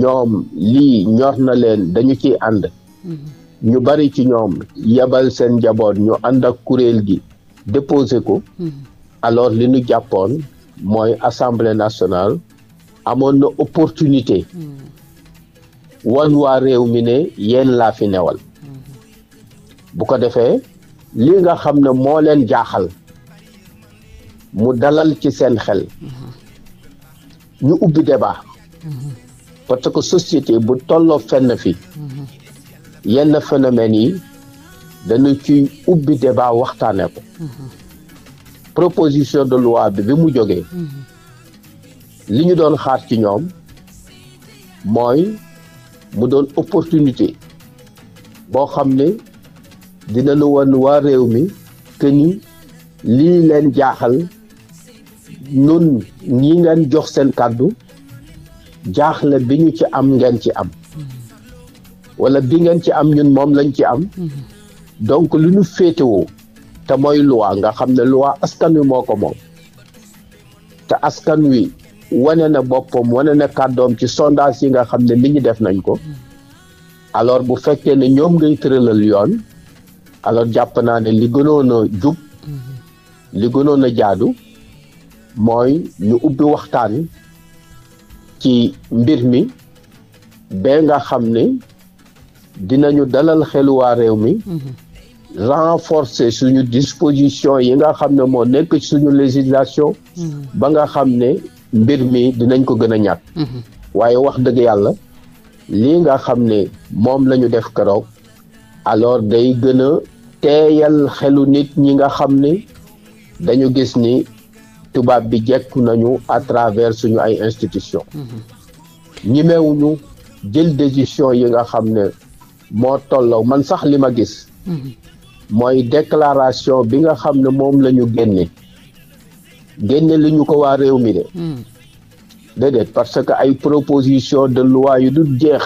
ñoom lii ñor na leen dañu ci ànd mm-hmm. ñu bari ci ñoom yebal seen njaboot ñu ànd ak kuréel gi déposé ko mm-hmm. alors li nu jàppoon mooy assemblée nationale amoon na opportunité wan waa réew mi ne yéen laa fi newal bu ko defee lii nga xam ne moo leen jaaxal mu dalal ci seen xel ñu ubbi débat parce que société bu tolloo fenn fi yenn phénomènes yi dañu ciy ubbi débat waxtaane ko proposition de loi bi mu jógee li ñu doon xaar ci ñoom mooy mu doon opportunité boo xam ne dinañu won waa réew mi que ni lii leen jaaxal nun ñi ngeen jox seen kàddu jaaxle bi ñu ci am ngeen ci am wala bi ngeen ci am ñun moom lañ ci am donc lu ñu féetewoo te mooy luwa nga xam ne luwa askan wi moo ko moom te askan wi wane na boppam wane na kàddoom ci sondage yi nga xam ne nit ñu def nañ ko alors bu fekkee ne ñoom ngay tëralal yoon alors jàpp naa ne li gënoon a jub li gënoon a jaadu mooy ñu ubbi waxtaan ci mbir mi ba nga xam ne dinañu dalal xelu waa réew mi renforcer suñu disposition yi nga xam ne moo nekk ci suñu législation ba nga xam ne mbir mi dinañ ko gën a ñàkk waaye wax dëgg yàlla lii nga xam ne moom lañu def keroog alors day gën teeyal xelu nit ñi nga xam ni dañu gis ni tubaab bi jekku nañu à travers suñu ay institution mm-hmm. ñimewuñu jël décision yi nga xam ne moo tolloo man sax li ma gis mm-hmm. mooy déclaration bi nga xam ne moom lañu génne génne liñu ko waa réew mi de mm-hmm. parce que ay proposition de loi yu du jeex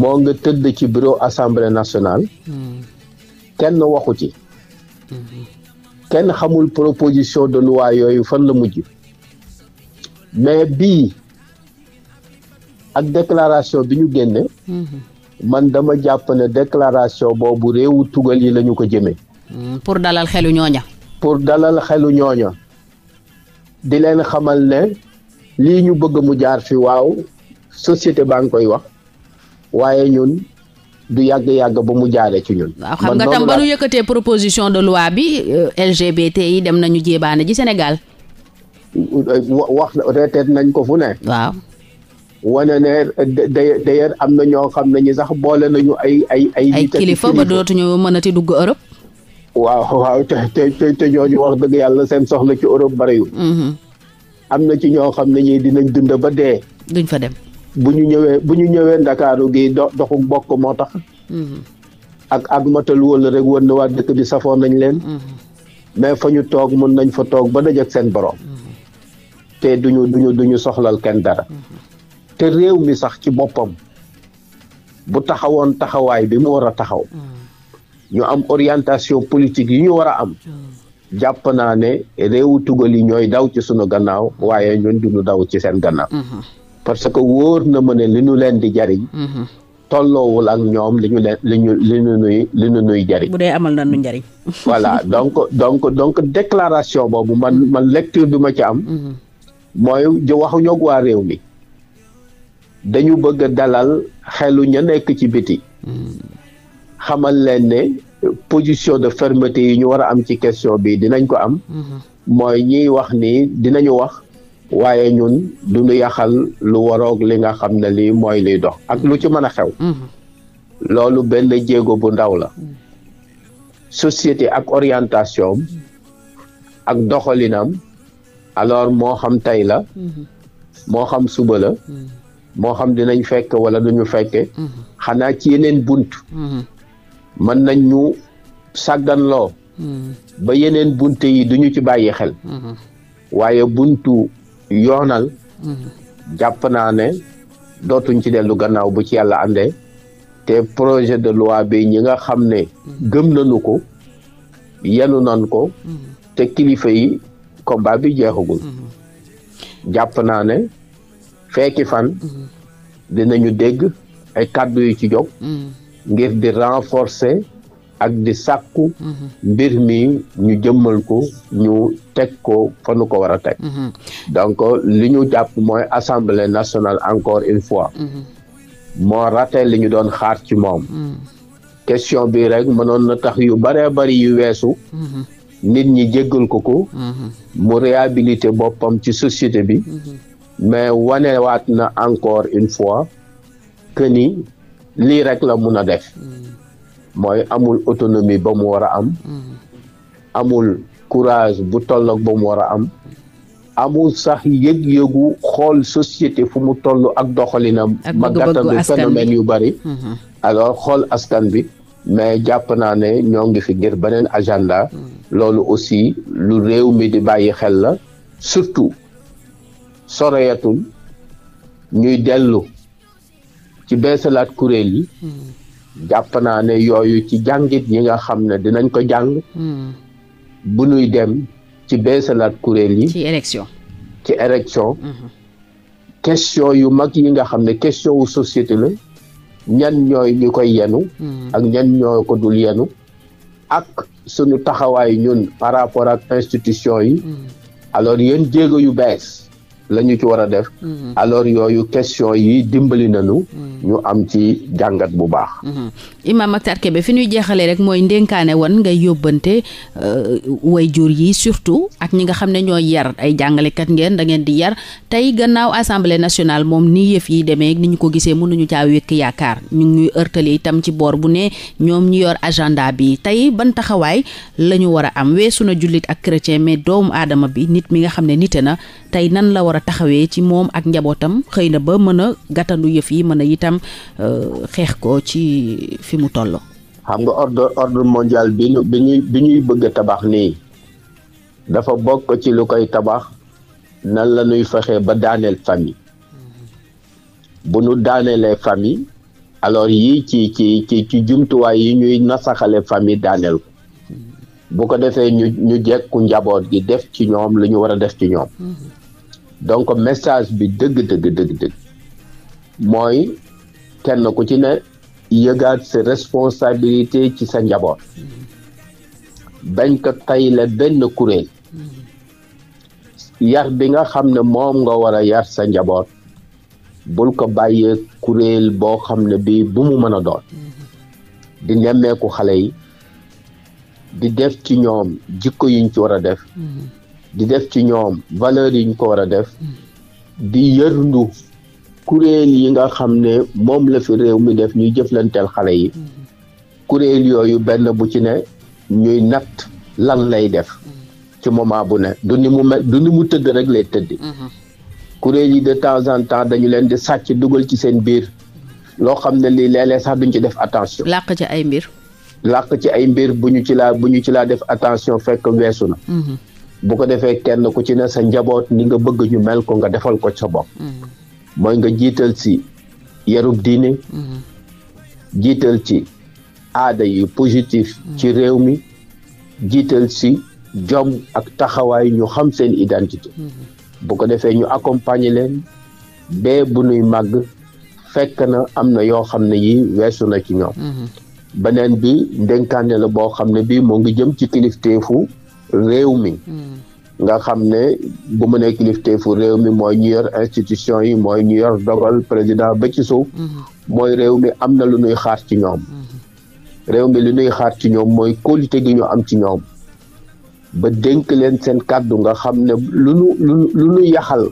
moo nga tëdd ci bureau assemblée nationale kenn waxu ci kenn xamul proposition de loi yooyu fan la mujj mais bii ak déclaration bi ñu génne man dama jàpp ne déclaration boobu réewu tugal yi lañu ko jëmee mm, pour dalal xelu ñooña pour dalal xelu ñooña di leen xamal ne lii ñu bëgg mu jaar fi waaw société baa ngi koy wax waaye ñun du yàgg-yàgg ba mu jaaree ci ñun. waaw xam nga tam ba nu yëkkatee proposition de loi bi euh, LGBT yi dem nañu jéebaane ji Sénégal. wax reteet nañ ko fu ne. waaw. wane ne d'ailleurs am na ñoo xam ne sax boole nañu ay ay ay. ay kilifa ba dootuñu mënati dugg Europe. waaw waaw te te te ñooñu wax dëgg yàlla seen soxla ci Europe bariwul. Mhm. am na ci ñoo xam ne dinañ dund ba dee. duñ fa dem. bu ñu ñëwee bu ñu ñëwee ndakaaru gi do doxu bokk moo tax mm-hmm. ak ak matal wala rek wër na waa dëkk bi safoon nañ leen mm-hmm. mais fa ñu toog mun nañ fa toog ba dajak seen borom mm-hmm. te duñu duñu duñu soxlal kenn dara te réew mi sax ci boppam bu taxawoon taxawaay bi mu war a taxaw ñu am orientation politique yi ñu war a am jàpp naa ne réewu tugal yi ñooy daw ci suñu gannaaw waaye ñun duñu daw ci seen gannaaw parce que wóor na ma ne li ñu leen di jariñ mhm. tolloowul ak ñoom li ñu leen li ñu nuy li ñu nuy jariñ bu dee amal na nu njariñ voilà donc donc donc déclaration boobu man man lecture bi ci am mhm. mooy waxuñu ak waa réew mi dañu bëgg a dalal xelu ña nekk ci biti mhm. xamal leen ne position de fermeté yi ñu war a am ci question bii dinañ ko am mooy ñiy wax ni dinañu wax waaye ñun duñu yaxal lu waroog li nga xam ne lii mooy luy dox ak lu ci mën a xew mm-hmm. loolu benn jéego bu ndaw la mm-hmm. société ak orientation ak doxalinam alors moo xam tey la mm-hmm. moo xam suba la moo xam dinañ fekk wala duñu fekke xanaa ci yeneen bunt mën nañ ñu sàgganloo ba yeneen bunt yi duñu ci bàyyi xel waaye buntu yoonal jàpp naa ne dootuñ ci dellu gannaaw bu ci yàlla àndee te projet de loi bi ñi nga xam ne gëm nañu ko yenu nan ko te kilifa yi combat bi jeexagul jàpp naa ne fekki fan dinañu dégg ay kàddu yu ci jóg ngir di renforcer ak di sàkku mhm. mbir mi ñu jëmmal ko ñu teg ko fa nu ko war a teg mhm. donc li ñu jàpp mooy assemblée nationale encore une fois mhm. moo rate li ñu doon xaar ci moom question bi rek mënoon na tax yu bëree bëri yu weesu nit ñi jéggal ko ko mu réhabilité boppam ci société bi mais wanewaat na encore une fois que ni lii rek la mun a def mooy amul autonomie ba mu war a am amul courage bu tolloog ba mu war a am amul sax yëg-yëgu xool société fu mu toll ak doxalinam ma gàttandu phénomène yu bari mm-hmm. alors xool askan bi mais jàpp naa ne ñoo ngi fi ngir beneen agenda mm-hmm. loolu aussi lu réew mi di bàyyi xel la surtout soreyatul ñuy dellu ci beesalaat kuréel yi mm-hmm. jàpp naa ne yooyu ci jàngit ñi nga xam ne dinañ ko jàng. Hmm. bu ñuy dem ci beesalaat kuréel yi. ci élection. ci élection. Hmm. question yu mag yi nga xam ne question wu société la ñan ñooy ñu koy yenu. Hmm. ak ñan ñoo ko dul yenu. ak sunu taxawaay ñun par rapport ak institution yi. alors yéen jéego yu bees. la ñu ci war def mhm. alors yooyu question yi dimbali nañu mhm. ñu am ci jàngat bu baax mhm. Imam Mactar Kébé fi ñuy jeexalee rek mooy ndénkaane wan ngay yóbbante euh, way jur yi surtout ak ñi nga xam ne ñoo yar ay jàngalekat ngeen da ngeen di yar tey gannaaw assemblée nationale moom ni yëf yi demee ni ñu ko gisee mënuñu caa wékk yaakaar ñu ngi ñuy ërtale itam ci boor bu ne ñoom ñu yor agenda bi tey ban taxawaay la ñu war a am weesu na jullit ak chrétien mais doomu aadama bi nit mi nga xam ne nite na war a taxawee ci moom ak njabootam xëy na ba mën a gàttandu yëf yi mën a itam euh, xeex ko ci fi mu toll. xam nga ordre ordre mondial bi ñu bi ñuy bëgg tabax nii dafa bokk ci lu koy tabax nan la ñuy fexe ba daaneel famille bu nu daaneelee famille alors yii ci ci ci ci jumtuwaay yi ñuy nasaxale famille daaneel ko bu ko defee ñu ñu jekku njaboot gi def ci ñoom lu ñu war a def ci ñoom. Mm-hmm. donc message bi dëgg dëgg dëgg dëgg mooy kenn ku ci ne yëgaat sa responsabilité ci sa njaboot bañ ko tayle benn kuréel yar bi nga xam ne moom nga war a yar sa njaboot bul ko bàyyee kuréel boo xam ne bii bu mu mën a doon di nemmeeku xale yi di def ci ñoom jikko yuñ ci war a def di def ci ñoom valeur yi ñu ko war a def di yërndu kuréel yi nga xam ne moom la fi réew mi def ñuy jëflanteel xale yi kuréel yooyu benn bu ci ne ñuy natt lan lay def ci moment bu ne du ni mu mel du mu tëdd rek lay tëdd kuréel yi de temps en temps dañu leen di sàcc dugal ci seen biir loo xam ne li léeg sax duñ ci def attention làq ci ay mbir làq ci ay mbir bu ñu ci laa bu ñu ci laa def attention fekk weesu na mm-hmm. bu ko defee kenn ku ci ne sa njaboot ni nga bëgg ñu mel ko nga defal ko sa bopp mm-hmm. mooy nga jiital ci yarub diine mm-hmm. jiital ci aada yu positif mm-hmm. ci réew mi jiital si jom ak taxawaay ñu xam seen identité bu ko defee ñu accompagner leen bee bu nuy màgg fekk na am na yoo xam ne yi weesu na ci ñoom beneen bi ndénkaane la boo xam ne bii moo ngi jëm ci kilifteefu réew mi. Hmm. nga xam ne bu mu ne kilifteefu réew mi mooy ñu yor institution yi mooy ñu yor dogal président ba ci suuf. Hmm. mooy réew mi am na lu ñuy xaar ci ñoom. Hmm. réew mi lu ñuy xaar ci ñoom mooy qualité gi ñu am ci ñoom. ba dénk leen seen kàddu nga xam ne lu nu lu nu yaxal.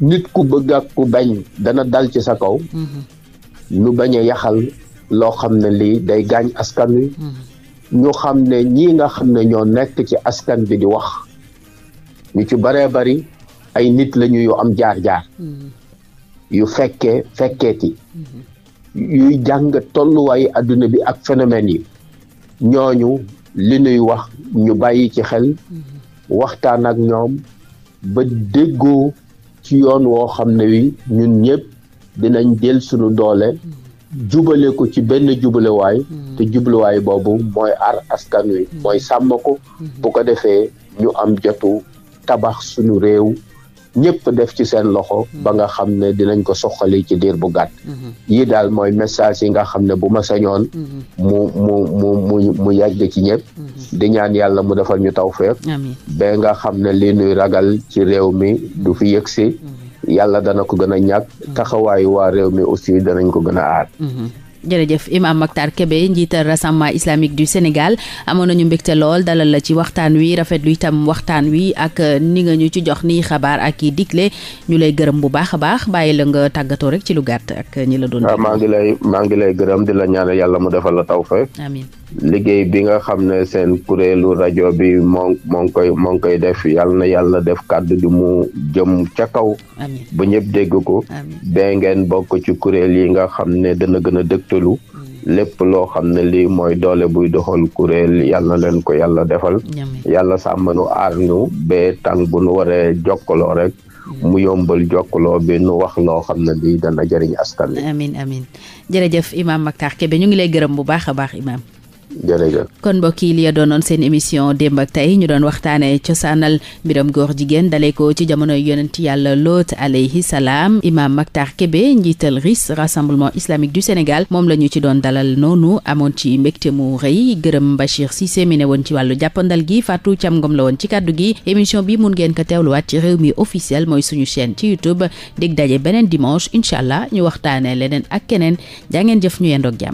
nit ku bëgg ak ku bañ dana dal ci sa kaw. nu bañ a yaxal loo xam ne lii day gaañ askan wi. ñu xam ne ñii nga xam ne ñoo nekk ci askan bi di wax ñu ci baree bari ay nit lañu yu am jaar-jaar mm-hmm. yu fekkee fekkeeti mm-hmm. yuy jàng tolluwaayu àdduna bi ak phénomènes yi ñooñu li nuy wax ñu bàyyi ci xel mm-hmm. waxtaan ak ñoom ba déggoo ci yoon woo xam ne wi ñun ñëpp dinañ jël sunu doole jubale ko ci benn jubalewaay hmm. te jubalewaay boobu mooy aar askan wi hmm. mooy sàmm ko hmm. bu ko defee ñu am jotu tabax suñu réew ñëpp def ci seen loxo ba nga xam ne dinañ ko soxali ci diir bu gàtt yii daal mooy message yi nga xam ne bu ma sañoon mu mu mu mu mu yàgg ci ñëpp di ñaan yàlla mu defal ñu tawfeex ba nga xam ne lii nuy ragal ci réew mi du fi yëgsi yàlla dana ko gën a ñàkk taxawaayu waa réew mi aussi danañ ko gën a aar mhm. jërëjëf Imam Mactar kebe njiital rassemblement islamique du Sénégal amoon nañu mbégte lool dalal la ci waxtaan wi rafetlu tam waxtaan wi ak uh, ni nga ñu ci jox nii xabaar ak i digle ñu lay gërëm bu baax a baax bàyyi la nga tàggatoo rek ci lu gàtt ak uh, ñi la doon. Ah, maa ngi lay maa ngi lay gërëm di la ñaan yàlla mu defal la tawfeex. amiin. liggéey bi nga xam ne seen kuréelu rajo bi moo moo koy moo ngi koy def yàlla na yàlla def kàddu gi mu jëm ca kaw ba ñëpp dégg ko ba ngeen bokk ci kuréel yi nga xam ne dana gën a dëgtalu mm. lépp loo xam ne lii mooy doole buy doxal kuréel yàlla na leen ko yàlla defal yàlla sàmm nu aar nu ba bu nu waree jokkaloo rek mm. mu yombal jokkaloo bi nu wax loo xam ne lii dana jariñ askan wi amin amin jërëjëf Imam Mactar Kébé ñu ngi lay gërëm bu baax a baax Imam kon mbokk yi li doonoon seen émission démb ak tey ñu doon waxtaanee cosaanal mbiram góor jigéen dalee ko ci jamono yonent yàlla loot aleyhi salaam imam Mactar Kébé njiital RIS rassemblement islamique du Sénégal moom la ñu ci doon dalal noonu amoon ci mbégte mu rëy gërëm Bachir si mi ne woon ci wàllu jàppandal gi Fatou Thiam Ngom la woon ci kàddu gi émission bi mun ngeen ko teewluwaat ci réew mi officiel mooy suñu chaîne ci YouTube dig daje beneen dimanche incha allah ñu waxtaanee leneen ak keneen jaa ngeen ñu yendoog jàmm